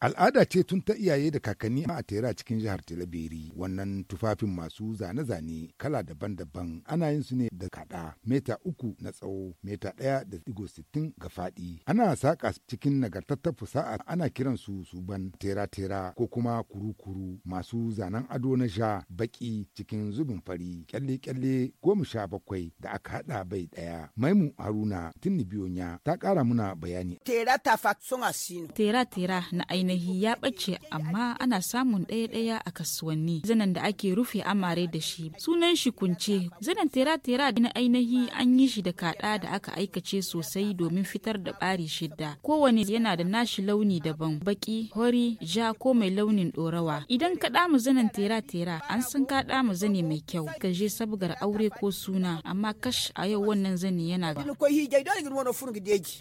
Al'ada ce tun ta iyaye da kakanni a tera cikin jihar Talabiri wannan tufafin masu zane-zane kala daban-daban ana yin su ne da kada meta uku na tsawo meta ɗaya da digo sittin ga faɗi ana saƙa cikin nagartattar fusa'a ana kiran su suban tera-tera ko kuma kurukuru masu zanen ado na sha baƙi cikin zubin fari kyalle-kyalle goma sha bakwai da aka haɗa bai ɗaya maimu haruna tinni biyonya ta kara muna bayani. Tera suna Tera-tera na aini ainihi ya ɓace amma ana samun ɗaya-ɗaya a kasuwanni zanen da ake rufe amare da shi sunan shi kunce zanen tera-tera da na ainihi an yi shi da kaɗa da aka aikace sosai domin fitar da ɓari shidda kowane yana da nashi launi daban baki hori ja ko mai launin ɗorawa idan ka mu zanen tera-tera an san ka mu zane mai kyau ka je sabgar aure ko suna amma kash a yau wannan zane yana ga.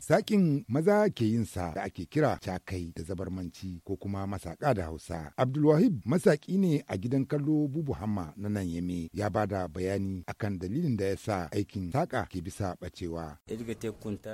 sakin maza ke yin sa da ake kira cakai da zabarmanci Turanci ko kuma masaka da Hausa. Abdulwahib masaƙi ne a gidan kallo Bubu Hamma na nan Yame ya bada bayani akan dalilin da ya sa aikin saƙa ke bisa bacewa.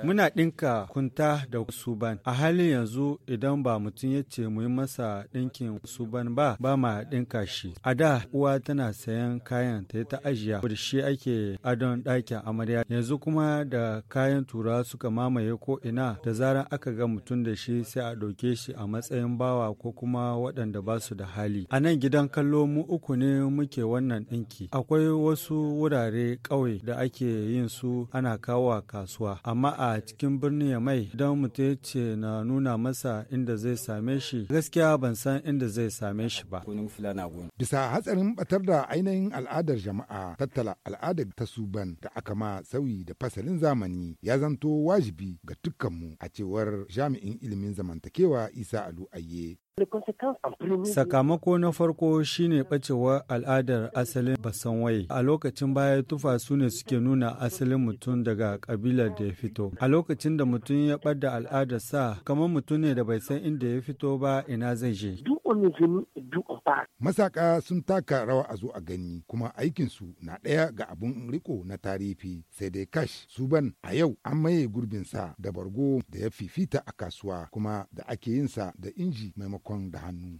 Muna ɗinka kunta da suban. A halin yanzu idan ba mutum ya ce mu yi masa ɗinkin suban ba ba ma ɗinka shi. A da uwa tana sayan kayan ta yi ta ajiya da shi ake adon ɗakin amarya. Yanzu kuma da kayan tura suka mamaye ko ina da zaran aka ga mutum da shi sai a ɗauke shi a matsayin matsayin bawa ko kuma waɗanda ba su da hali. A nan gidan kallo mu uku ne muke wannan ɗinki. Akwai wasu wurare ƙauye da ake yin su ana kawo kasuwa. Amma a cikin birnin ya mai don mutum ce na nuna masa inda zai same shi gaskiya ban san inda zai same shi ba. Bisa hatsarin batar da ainihin al'adar jama'a tattala al'adar ta suban da aka ma sauyi da fasalin zamani ya zanto wajibi ga dukkanmu a cewar jami'in ilimin zamantakewa Isa Alu ayye. Sakamako na farko shine ɓacewar al'adar asalin Basanwai. A lokacin baya tufa su ne suke nuna asalin mutum daga kabilar da ya fito. A lokacin da mutum ya al'adar sa kamar mutum ne da bai san inda ya fito ba ina zai je. fara. Masaka sun taka rawa a zo a gani kuma aikinsu na ɗaya ga abun riko na tarihi sai dai kash ban a yau an maye gurbinsa da bargo da ya fifita a kasuwa kuma da ake yinsa da inji maimakon da hannu.